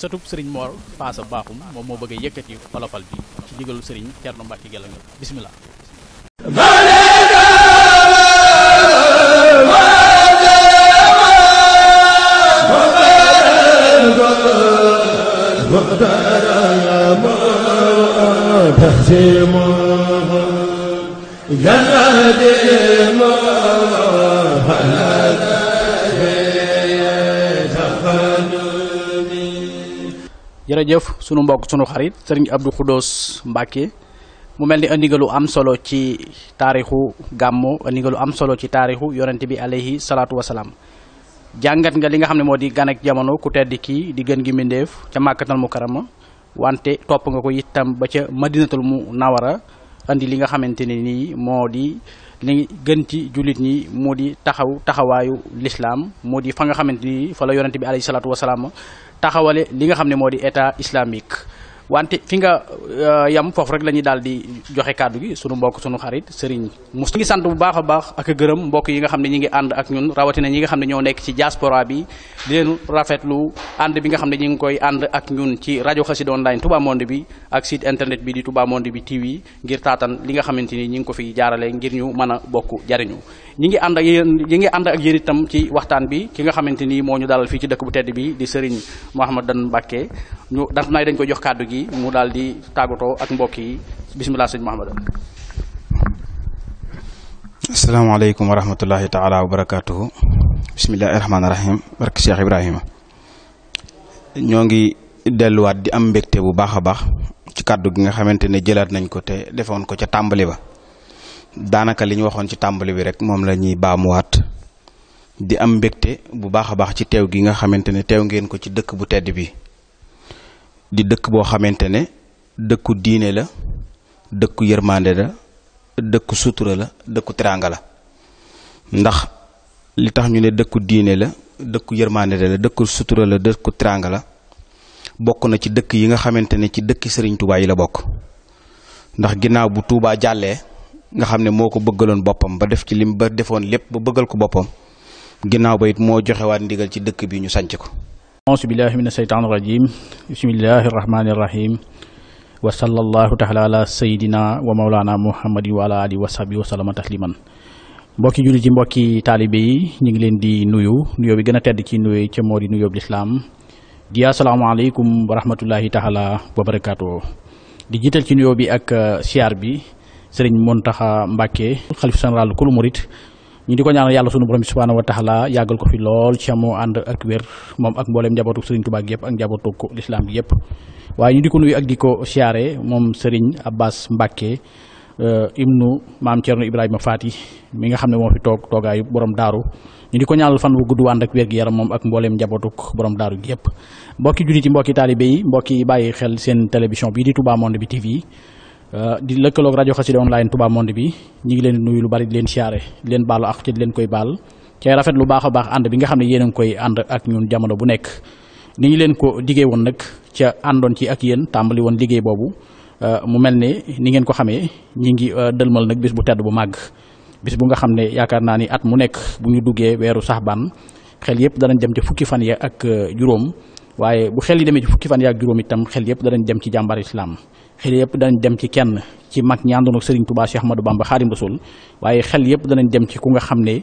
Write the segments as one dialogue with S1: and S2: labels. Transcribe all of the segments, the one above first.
S1: satup serigne mor passa baxum mom mo beug yëkëti falafal bi ci digelu serigne Thierno Mbacke nga bismillah jeuf sunu mbok sunu xarit serigne Abdou khodous mbake mu melni ni indi am solo ci taarixu Gamu indi nga am solo ci taarixu yonent bi alayhi salatu Wassalam jangat nga li nga xamne modi moo jamono ku teddi ki di gën gi mindeef ca makatal mukarrama wante top nga ko yittam ba ca madinatul munawara nawara andi li nga xamanteni ni modi li gën ci julit ni modi taxaw taxawayu l'islam modi fa nga xamanteni fa la yonent bi alayhi salatu wassalam taxawale li nga xam ne moo di état islamique wante fi nga euh, yam foofu rek la ñuy daal di joxe kàddu gi sunu mbokk sunu xarit sëriñ mu ñu ngi sant bu baax a baax ak gërëm mbokk yi nga xam ne ñi ngi ànd ak ñun rawatina ñi nga xam ne ñoo nekk ci diaspora bi di rafetlu ànd bi nga xam ne ñi ngi koy ànd ak ñun ci rajo Xassida online Touba Monde bi ak site internet bi di Touba Monde bi TV ngir tatan li nga xamante ni ñi ngi ko fi jaarale ngir ñu mën a bokk jariñu ñi ngi ànd ak yéen ñi ngi ànd ak yéen itam ci waxtaan bi ki nga xamante ni moo ñu dalal fii ci dëkk bu tedd bi di Serigne Mouhamadou Mbacke ñu daf nay dañ ko jox kaddu gi mu daldi di ak mbokk yi bismillah mohammed
S2: assalamu alaykum wa rahmatullahi taala wa barakatuh bismillahi rahmaani rahim barke Cheikh ibrahim ñongi ngi wat di am mbekté bu baax a baax ci kaddu gi nga xamantene ne nañ ko té defoon ko ci tambali ba danaka liñ waxon ci tambali bi rek mom lañuy baamu wat di am mbekté bu baax a baax ci tew gi nga xamantene ne ngeen ko ci dëkk bu tedd bi di dëkk boo xamante ne dëkku diine la dëkku yërmande la dëkku sutura la dëkku teraanga la ndax li tax ñu ne dëkku diine la dëkku yërmande la dëkku sutura la dëkku teraanga la bokk na ci dëkk yi nga xamante ne ci dëkki Sëriñ Tuubaa yi la bokk ndax ginnaaw bu Tuubaa jàllee nga xam ne moo ko bëggaloon boppam ba def ci lim ba defoon lépp ba bëggal ko boppam ginnaaw ba it moo joxewaat ndigal ci dëkk bi ñu sanc ko auzu billahi min asheytaan irajim
S1: bismillahi irrahmani irrahim wa sallallahu taala ala sayidina wa maulana muhammadin wa ala alihi wa sahbi wa sallama tasliman mbokki jullit yi mbokki taalibe ñu ngi leen di nuyu nuyoo bi gën a tedd ci nuyoo ca moo di nuyoo bi lislaam di asalaamaaleykum wa rahmatullahi taala wa barakaatu di jiital ci nuyoo bi ak uh, siyaar bi sëriñ Muntaxa Mbàkke xalif général kulu murit ñi diko ñaanal yalla sunu borom subhanahu wa taala yagal ko fi lol ci amu and ak wer mom ak mboolem njabootu serigne touba yëpp ak njabootu lislaam bi yëpp waaye ñu nuyu ak diko ko mom serigne abbas mbacké euh ibnu maam Thierno Ibrahima Fati mi nga xam mo fi tok toga yu borom daru ñi diko ñaanal fan wu gudd ànd ak wer gi yaram mom ak mbooleem njabootuk borom daru gi mbokki jullit mbokki talibé yi mbokki bàyyi xel sen télévision bi di Touba Monde bi TV Euh, di lëkkaloog radio xasida online tuba monde bi ñi ngi leen nuyu lu bari di leen siyaare di leen balu ak ci di leen koy bal ci rafet lu baaxa baax and bi nga xam yeen ngi koy and ak ñun jamono bu nekk ni ñu leen ko diggé won nak ci andon ci ak yeen tambali won liggé bobu euh, mu melni ni ngeen ko xamé ñi ngi deulmal nak bis bu tedd bu mag bis bu nga xam yaakar naani at mu nekk bu ñu duggé wéru sahban xel yépp danañ jëm ci fukki fan ya ak euh, juróom waaye bu xel yi demee ci fukki fan yaak juróom itam xel yëpp danañ dem ci jàmbar islam xel yëpp danañ dem ci kenn ci mag ñi àndoon ak Serigne Touba Cheikh Ahmadou Bamba Xaadim Rasul waaye xel yëpp danañ dem ci ku nga xam ne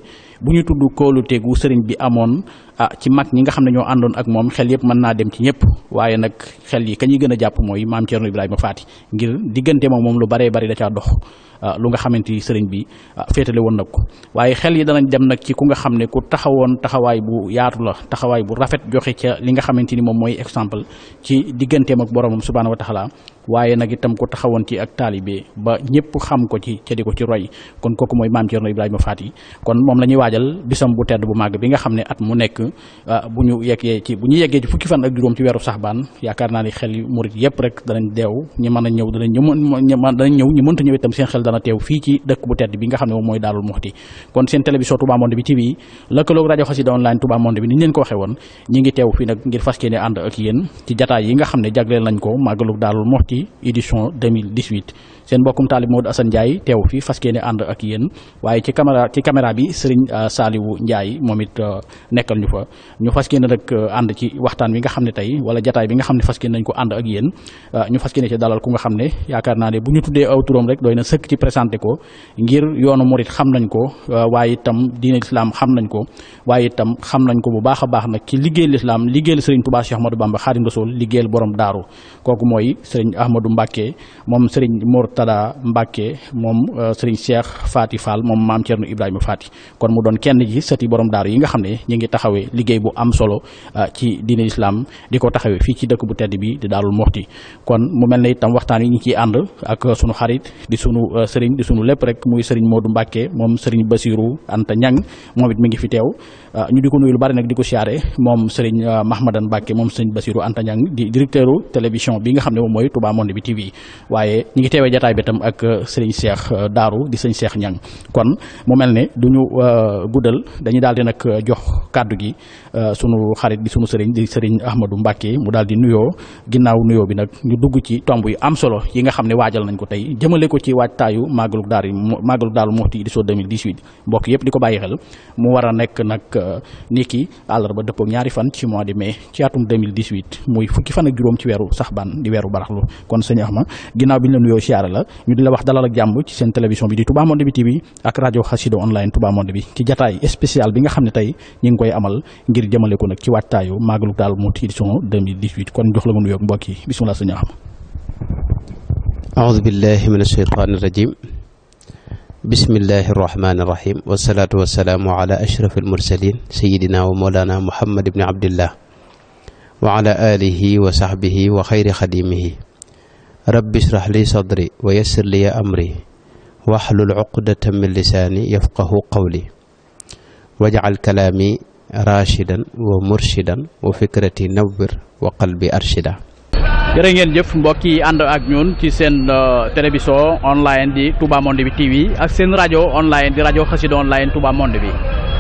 S1: bu ñu tudd kóolute gu Serigne bi amoon ah ci mag ñi nga xam ne ñoo àndoon ak moom xel yëpp mën naa dem ci ñëpp waaye nag xel yi ka ñuy gën a jàpp mooy maam Thierno Ibrahima Faati ngir diggante moom moom lu baree bari da caa dox Ah, lu nga xamante ni sëriñ bi ah, féetale woon nag ko waaye xel yi danañ dem nag ci ku nga xam ne ku taxawoon taxawaay bu yaatu la taxawaay bu rafet joxe ca li nga xamante ni moom mooy exemple ci digganteem ak boromam subhaanahu wa taala waye nak itam ko taxawon ci ak talibé ba ñepp xam ko ci ci diko ci roy kon koku moy mam Cerno ibrahim fati kon mom lañuy wajal bisam bu tedd bu mag bi nga xamné at mu nekk ah, bu ñu yeggee ci bu ñu ci fukki fan ak juroom ci weeru saxbaan yaakar na ni xel yu mourid yépp rek danañ déw ñi ñëw da ñëw ñu da danañ ñëw ñi mënta ñëw itam seen xel dana téw fi ci dekk bu tedd bi nga xamné ne dalul muhti kon seen télévision Touba Monde bi TV lëkkaloog rajo Xassida online Touba Monde bi ni ñu ko waxé won ñi ngi téw fi nak ngir fas yéene ànd ak yeen ci jotaay yi nga xamné ne nañ ko magaluk dalul muhti ci édition 2018 seen mbokkum taalib Modou Assane Ndiaye teew fi fas yéene ànd ak yéen waaye ci caméra ci caméra bi Serigne euh, Saliou Ndiaye moom euh, nekkal ñu fa ñu fas euh, nga xam ne tey wala jataay bi nga xam ne fas yéene nañ ko ànd ak yéen ñu fas yéene ci dalal ku nga xam ne yaakaar naa ne bu ñu tuddee aw rek doy na sëkk ci présenté ko ngir yoonu murit xam nañ ko waaye itam diine lislaam xam nañ ko waaye itam xam nañ ko bu baax a baax nag ci liggéey lislaam liggéeyal Serigne Touba Cheikh Ahmadou Mbacke mom Serigne Mourtada Mbacke mom euh, Serigne Cheikh Fati Fall mom maam Thierno Ibrahima Fati kon mu don kenn ji sëti borom daaru yi nga xamne ñi ngi taxawé liggéey bu am solo euh, ci diine islam di taxawé fi ci dekk bu tedd bi di dalul Muxti kon mu melni tam waxtaan yi ñi ci and ak suñu xarit di suñu euh, Serigne di suñu lepp rek muy Serigne Modou Mbacke mom Serigne Basirou Anta Ñang momit mi ngi fi tew ñu di nuyu lu bari nak diko mom Serigne Mahmadan Mbacke mom Serigne Basirou Anta Ñang di directeuru télévision bi nga xamne mom moy Touba monde bi tv waye ñi ngi téwé jotaay bi tam ak euh, serigne Cheikh euh, daru di serigne Cheikh ñang kon mu melni duñu euh, guddal dañuy daldi nak jox kaddu gi sunu xarit di sunu serigne di serigne Ahmadou Mbacke mu daldi di ginnaw nuyo bi nak ñu dugg ci tombu yu am solo yi nga xamné ne nañ ko tay jëmele ko ci tayu magaluk daar magaluk màggalug daaru Muxti Edition 2018 mbokk yépp di bayyi xel mu wara nek nak niki ni ñaari fan ci mois de mai ci atum 2018 muy fukki fan ak juroom ci sax ban di wéru baraxlu kon sëñ ahma ginaaw bi ñu la nuyoo siyaara la ñu dila wax dalal ak jàmm ci seen télévision bi di Touba Monde bi TV ak radio khassido online Touba Monde bi ci jotaay spécial bi nga xamne tay ñi ngi koy amal ngir jëmele ko nak ci waajtaayu Màggalu Daaru Muxti édition 2018 kon jox la nga nuyoo mbokk yi bisimilah sëñ ahma
S2: aouzu billahi min ashaytaani rajim بسم الله الرحمن الرحيم والصلاة والسلام على أشرف المرسلين سيدنا ومولانا محمد بن عبد الله وعلى آله وصحبه وخير خديمه Rabbi syrahli sadri wa yassir li amri wahlul 'uqdatan min lisani yafqahu qawli waj'al kalami rashidan wa murshidan wa fikrati nawwir wa qalbi arshida
S1: ngeen jëf mbokk yi and ak ñun ci seen uh, télévision online di Touba Monde bi TV ak seen radio online di radio xasida online Touba Monde bi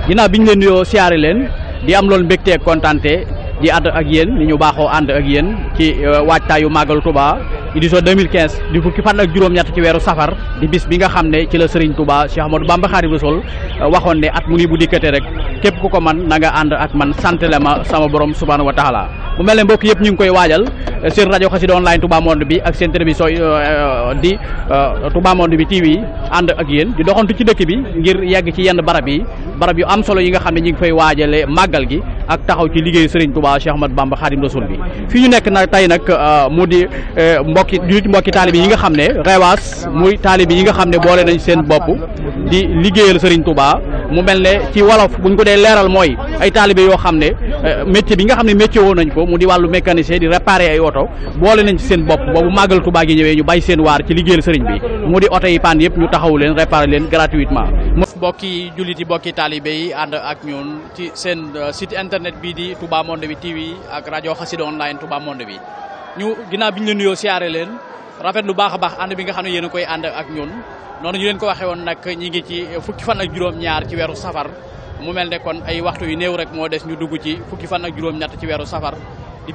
S1: ginnaaw biñu leen nuyo siaré leen di am loolu mbékté kontante di ànd ak yéen ni ñu baaxoo ànd ak yéen ci euh, waajtaayu màggal Touba édition 2015 di fukki fan ak juróom-ñett ci weeru safar di bis bi nga xam ne ci la Serigne Touba Cheikh Ahmadou Bamba Khadimu Rasul euh, waxoon ne at mu ni bu dikkate rek képp ku ko man nanga ànd ak man santale ma sama borom subhaanahu wa taala mu mel ne mbokk yëpp ñu ngi koy waajal euh, seen rajo Xassida online Touba Monde bi ak seen télévision di Touba Monde bi TV ànd ak yéen di doxantu ci dëkk bi ngir yegg ci yenn barab yi barab yu am solo yi nga xam ne ñu ngi fay waajale màggal gi ak taxaw ci liggéeyu Serigne Touba Cheikh Ahmad Bamba Khadim Rasoul bi fi ñu nekk na tey nag euh, mu di euh, mbokki jullit mbokki taalibi yi nga xam ne rewaas muy taalibi yi nga xam ne boole nañ seen bopp di liggéeyal Serigne Touba mu mel ne ci wolof buñ ko dee leeral mooy ay taalibe yoo xam ne euh, métier bi nga xam ne métier woon nañ ko mu di wàllu mécanicien di réparer ay oto boole nañ ci seen bopp boobu màggal Touba gi ñu bàyyi seen waar ci liggéeyal sëriñ bi mu di oto yi ñu taxawu leen réparer leen gratuitement mbokki jullit yi mbokki taalibe yi ànd ak ñun seen euh, site internet bii di Touba Monde bi TV ak rajo Xassida online Touba Monde bi ñu ginnaaw bi ñu leen nuyoo siyaare leen rafet lu baax a baax ànd bi nga xam ne yéen a koy ànd ak ñun noonu ñu leen ko waxee woon nag ñi gi ci fukki fan ak juróom-ñaar ci weeru safar mu mel ne kon ay waxtu yu néew rek moo des ñu dugg ci fukki fan ak juróom ci weeru safar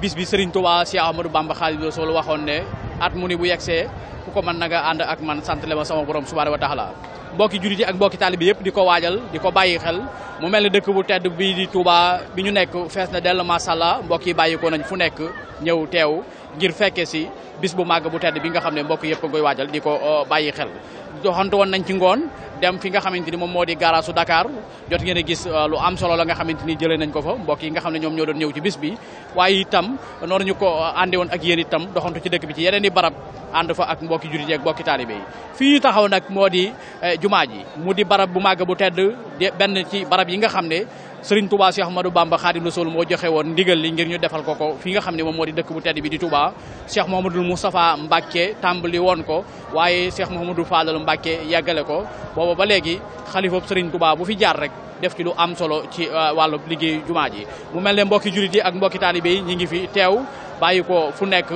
S1: bis bi Serigne Touba Cheikh Ahmadou Bamba Khadimu Rasul waxoon ne at mu ni bu yegsee ku ko man na nga ànd ak man sant le ma sama borom subhaanahu wa taala mbokki jullit yi ak mbokki taalibe yëpp di ko waajal di ko bàyyi xel mu mel ne dëkk bu tedd bii di Touba bi ñu nekk fees na dell macha allah mbokk yi bàyyi ko nañ fu nekk ñëw teew ngir fekke si bis bu màgg bu tedd bi nga xam ne mbokk yëpp a koy waajal di ko uh, bàyyi xel joxantu won nañ ci ngoon dem fi nga xamanteni mom modi garasu Dakar jot ngeen gis euh, lu am solo la nga xamanteni jëlé nañ ko fa mbokk yi nga xamne ñom ñoo doon ñew ci bis bi waye itam noonu ñu ko andé euh, won ak yeen itam doxantu ci dëkk bi ci yeneeni barab and fa ak mbokki jurit ak mbokki talibé yi fi taxaw nak modi euh, jumaaji ji mu di barab bu mag bu tedd ben ci barab yi nga xamne Serigne Touba Cheikh Ahmadou Bamba Khadim Rasoul moo joxe woon ndigal li ngir ñu defal ko ko fi nga xam ne moom moo di dëkk bu tedd bi di Touba Cheikh Mouhamadoul Moustapha Mbacké tàmbali woon ko waaye moo Mouhamadoul Fadal Mbacké yàggale ko booba ba léegi xalifab Serigne Touba bu fi jaar rek def ci lu am solo ci euh, wàllu liggéey jumaa ji mu mel ne mbokki jullit yi ak mbokki taalibe yi ñi ngi fi teew bàyyi ko fu nekk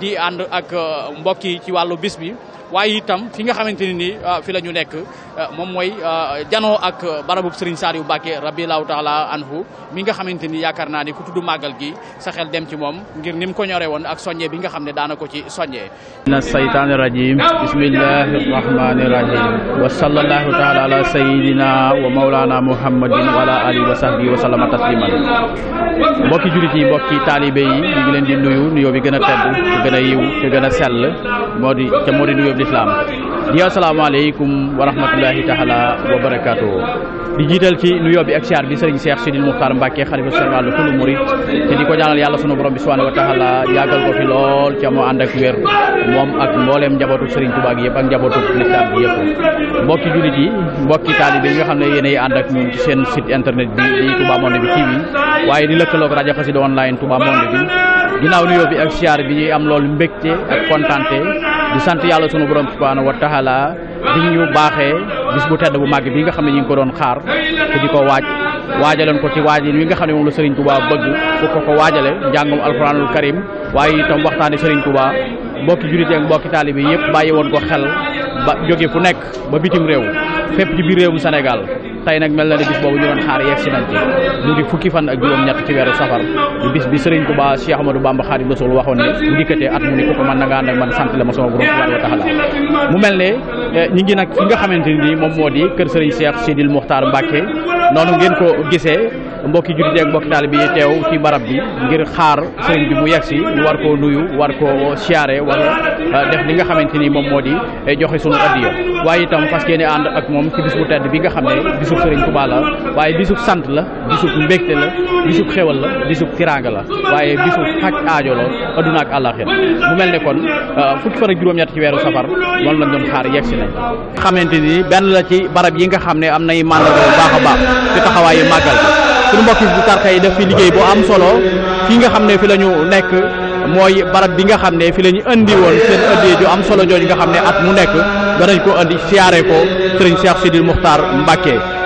S1: di ànd ak euh, mbokki ci wàllu bis bi waaye itam fi nga xamante ni nii ah, fi la ñu nekk ah, moom mooy ah, janoo ak barabub Serigne Saliou Mbacké rabilaahu taala anhu mi nga xamante ni yaakaar naa ni ku tudd màggal gi sa xel dem ci moom ngir ni mu ko ñore woon ak soññe bi nga xam ne daana ko ci soññe na saytaani rajim bismillahi rahmani rahim wa sallallahu taala ala sayidina wa maulana muhammadin wa ala alihi wa sahbihi wa sallama tasliman mbokki jurit yi mbokki taalibe yi ngi leen di nuyu nuyoo bi gën a tedd te a yiw te kàddu lislaam di asalaamaaleykum wa rahmatullahi taala wa barakaatu di jiital ci nuyoo bi ak siyaar bi sëriñ Cheikh Sidil Muxtaar Mbàkke xalifa général kullu murid te di ko ñaanal yàlla sunu borom bi subhaanahu wa taala yàggal ko fi lool ca moo ànd ak wér moom ak mbooleem njabootu sëriñ Tuubaa gi yëpp ak njabootu lislaam bi yëpp mbokki jullit yi mbokki taalibe yi nga xam ne yéenay ànd ak ñun ci seen site internet bi di Touba Monde bi TV waaye di lëkkaloo rajo Xassida online Touba Monde ginnaaw nuyoo bi ak siyaar bi ñuy am loolu mbégte ak kontante du sant yàlla sunu borom subhaanahu wa taala di ñu baaxee gis bu tedd bu màgg bi nga xam ne ñu ngi ko doon xaar te di ko waaj waajaloon ko ci waaj wi nga xam ne moom la Serigne Touba bëgg bu ko ko waajale njàngum alxuraanul karim waaye itam waxtaane Serigne Touba mbokki jurit ak mbokki taalibe yëpp bàyyi woon ko xel ba jóge fu nekk ba bitim réew fépp ci biir réewum Sénégal tey nag mel na ne bis boobu ñu doon xaar yegg si nañ ci ngi fukki fan ak juróom-ñett ci weeru safar di bis bi Serigne Touba Cheikh Ahmadou Bamba Khadim Rasoul waxoon ne bu dikkatee at mu ne ku ko na nga ànd man sant la ma sama borom subhanahu wa taala mu mel ne eh, ñi ngi nag fi nga xamante ni moom moo di kër Serigne Cheikh Sidil Moukhtar noonu ngeen ko gisee mbokki julit ak mbokki talib yi tew ci barab bi ngir xaar sëriñ bi mu yaksi war ko nuyu war ko siyaare war def li nga xamanteni mom modi joxe sunu addiya waaye itam fas and ak mom ci bisu tedd bi nga xamné ne bisub Touba la waye bisub sante la bisu mbekté la bisu xewal la bisub tiranga la waye bisub xaj aajo lo aduna ak alakhir mu melne kon fuk fara juroom ñatt ci wéru safar moom la ñom xaar yegsi na xamanteni ben la ci barab yi nga xamné am nay màndarga bu baaxa baax ci magal suñu mbokki bu tarxa yi def fi liggéey bu am solo fii nga xam ne fi la ñu nekk mooy barab bi nga xam ne fi la ñu indi woon seen ëddee ju am solo jooju nga xam ne at mu nekk danañ ko indi siyaare ko sëriñ Cheikh Sidil Muxtaar Mbàkke